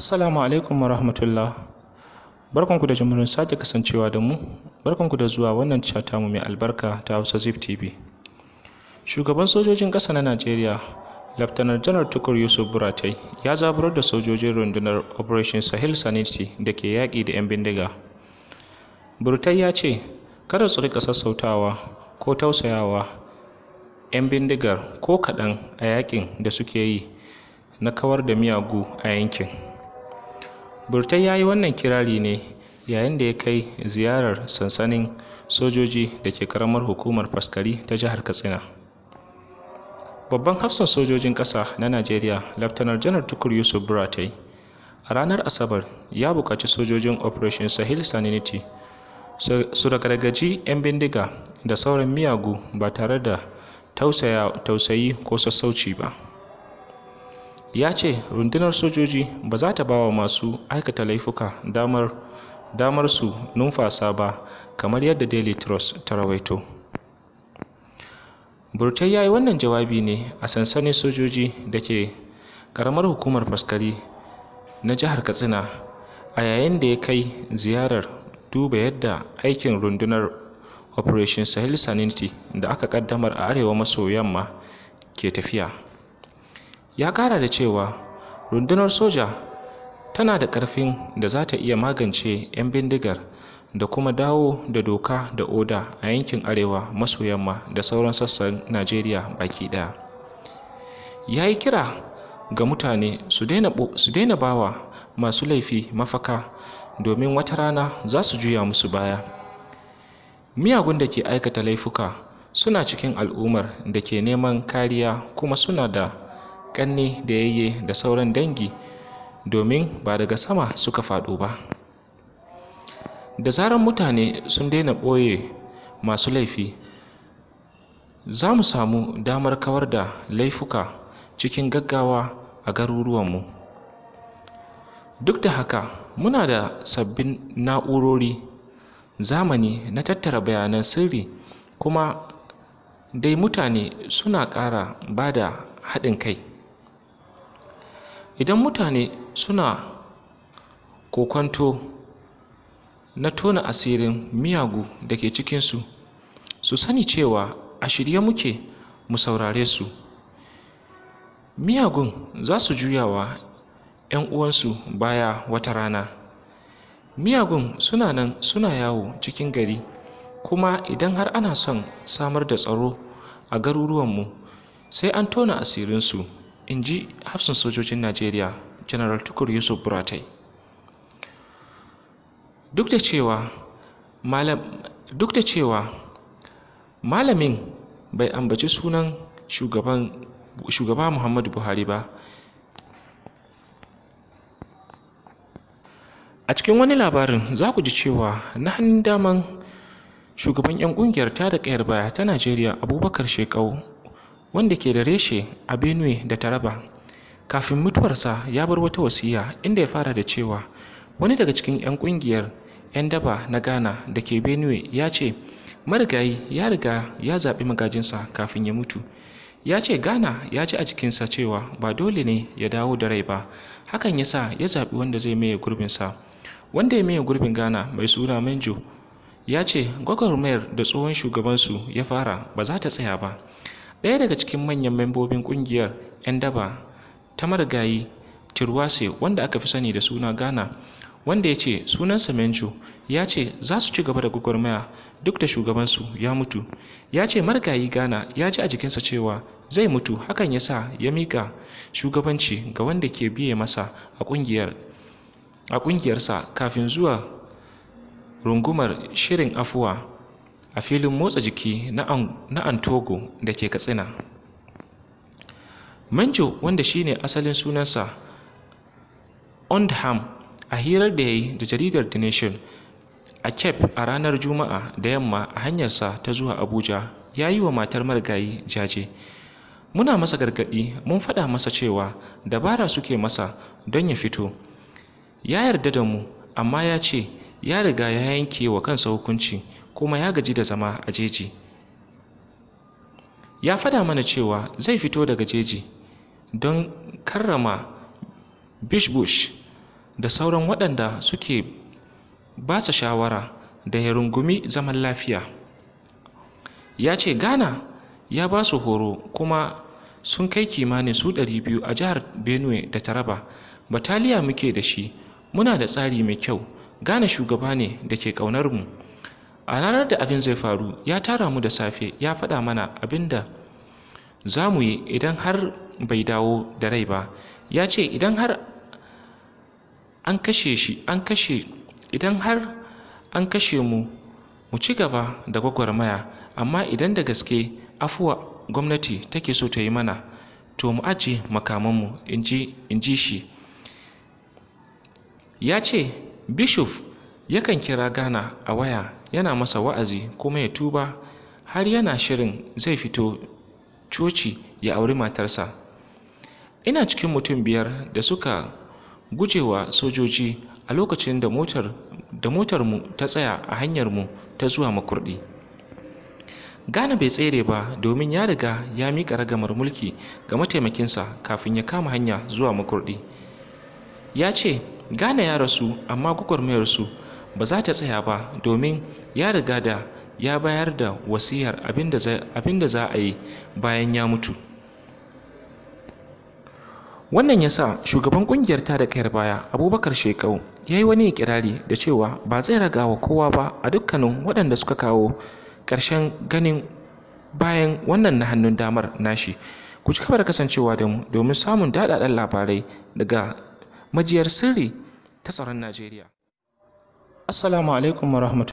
Assalamu alaikum wa rahmatullah. Barkanku da jimurin sake kasancewa da mu, barkanku da zuwa wannan cata mu mai albarka ta Hausa Zip TV. Shugaban sojojin ƙasa na Najeriya, Laftanar Janar Tukur Yusuf Buratai ya zaburar da sojojin rundunar Operation Sahel Sanity da ke yaƙi da 'yan bindiga. Buratai ya ce, kada su rika sassautawa ko tausayawa 'yan bindigar ko kaɗan a yaƙin da suke yi na kawar da miyagu a yankin. Burtai ya yi wannan kirari ne yayin da ya kai ziyarar sansanin sojoji da ke ƙaramar hukumar Faskari ta jihar Katsina. Babban hafsan sojojin ƙasa na Najeriya, Laftanar Janar Tukur Yusuf Buratai, a ranar Asabar ya buƙaci sojojin Operation sahil Sanity su ragargaji 'yan bindiga da sauran miyagu ba tare da tausayi ko sassauci ba. ya ce rundunar sojoji ba za ta ba wa masu aikata laifuka damar, su numfasa ba kamar yadda daily trust ta rawaito burtai ya yi wannan jawabi ne a sansanin sojoji da ke karamar hukumar faskari na jihar katsina a yayin da ya kai ziyarar duba yadda aikin rundunar operation sahel sanity da aka kaddamar a arewa maso yamma ke tafiya ya ƙara da cewa rundunar soja tana da ƙarfin da za ta iya magance 'yan bindigar da kuma dawo da doka da oda a yankin arewa maso yamma da sauran sassan najeriya baki ɗaya ya yi kira ga mutane su daina bawa masu laifi mafaka domin wata rana za su juya musu baya miyagun da ke aikata laifuka suna cikin al'ummar da ke neman kariya kuma suna da ƙanne da yayye da sauran dangi domin ba daga sama suka faɗo ba da zarar mutane sun daina ɓoye masu laifi za mu samu damar kawar da laifuka cikin gaggawa a garuruwanmu duk da haka muna da sabbin na'urori zamani na tattara bayanan sirri kuma dai mutane suna ƙara ba da haɗin kai idan mutane suna kokonto na tona asirin miyagu da ke cikinsu su sani cewa a shirye muke mu saurare su miyagun za su juyawa 'yan uwansu baya wata rana miyagun suna nan suna yawo cikin gari kuma idan har ana son samar da tsaro a garuruwanmu sai an tona asirinsu in ji hafsan sojojin najeriya general tukur yusuf buratai duk da cewa malamin bai ambaci sunan shugaba muhammadu buhari ba a cikin wani labarin za ku ji cewa na hannun daman shugaban 'yan kungiyar da kayar baya ta najeriya abubakar shekau wanda ke da reshe a benue da taraba kafin mutuwarsa ya bar wata wasiya inda ya fara da cewa wani daga cikin 'yan kungiyar 'yan daba na ghana da ke benue ya ce marigayi ya riga ya zaɓi magajinsa kafin ya mutu ya ce ghana ya ji a jikinsa cewa ba dole ne ya dawo da rai ba hakan ya sa ya zaɓi wanda zai maye gurbinsa wanda ya maye gurbin ghana mai suna manjo ya ce gwagwarmayar da tsohon shugabansu ya fara ba za ta tsaya ba ɗaya daga cikin manyan membobin ƙungiyar 'yan daba ta marigayi Tirwase wanda aka fi sani da suna Ghana wanda ya ce sunansa Menjo ya ce za su ci gaba da gwagwarmaya duk da shugabansu ya mutu ya ce marigayi Ghana ya ji a jikinsa cewa zai mutu hakan ya sa ya mika shugabanci ga wanda ke biye masa a ƙungiyarsa kafin zuwa rungumar shirin afuwa a filin motsa jiki na antogo da ke katsina manjo wanda shine asalin sunansa ondham a hirar da ya yi da jaridar the nation a cape a ranar juma'a da yamma a hanyarsa ta zuwa abuja ya yi wa matar marigayi jaje muna masa gargadi mun faɗa masa cewa dabara suke masa don ya fito ya yarda da mu amma ya ce ya riga ya yanke wa kansa hukunci kuma ya gaji da zama a jeji ya fada mana cewa zai fito daga jeji don karrama bishbush da sauran waɗanda suke ba su shawara da ya rungumi zaman lafiya ya ce ghana ya ba su horo kuma sun kai kimanin su biyu a jihar benue da taraba bataliya muke da shi muna da tsari mai kyau ghana shugaba ne da ke ƙaunar mu a ranar da abin zai faru ya tara mu da safe ya faɗa mana abin da za mu yi idan har bai dawo da rai ba ya ce idan har an kashe shi an kashe idan har an kashe mu mu ci gaba da gwagwarmaya amma idan da gaske afuwa gwamnati take so ta yi mana to mu ajiye makamanmu in ji shi ya ce bishof. yakan kira gana a waya yana masa wa'azi kuma ya tuba har yana shirin zai fito coci ya auri matarsa ina cikin mutum biyar da suka gujewa sojoji a lokacin da motar da motarmu ta tsaya a hanyarmu ta zuwa makurdi gana bai tsere ba domin ya riga ya mika ragamar mulki ga mataimakinsa kafin ya kama hanya zuwa makurdi ya ce Ghana ya rasu amma gwagwarmayarsu ba za ta tsaya ba domin ya riga da ya bayar da wasiyar abin da za a yi bayan ya mutu wannan ya sa shugaban kungiyar ta da kayar baya abubakar shekau ya yi wani ikirari da cewa ba zai raga wa kowa ba a dukkanin waɗanda suka kawo ƙarshen ganin bayan wannan na hannun damar nashi ku ci da kasancewa da mu domin samun daɗaɗɗen labarai daga majiyar sirri ta tsaron najeriya Assalamu alaikum wa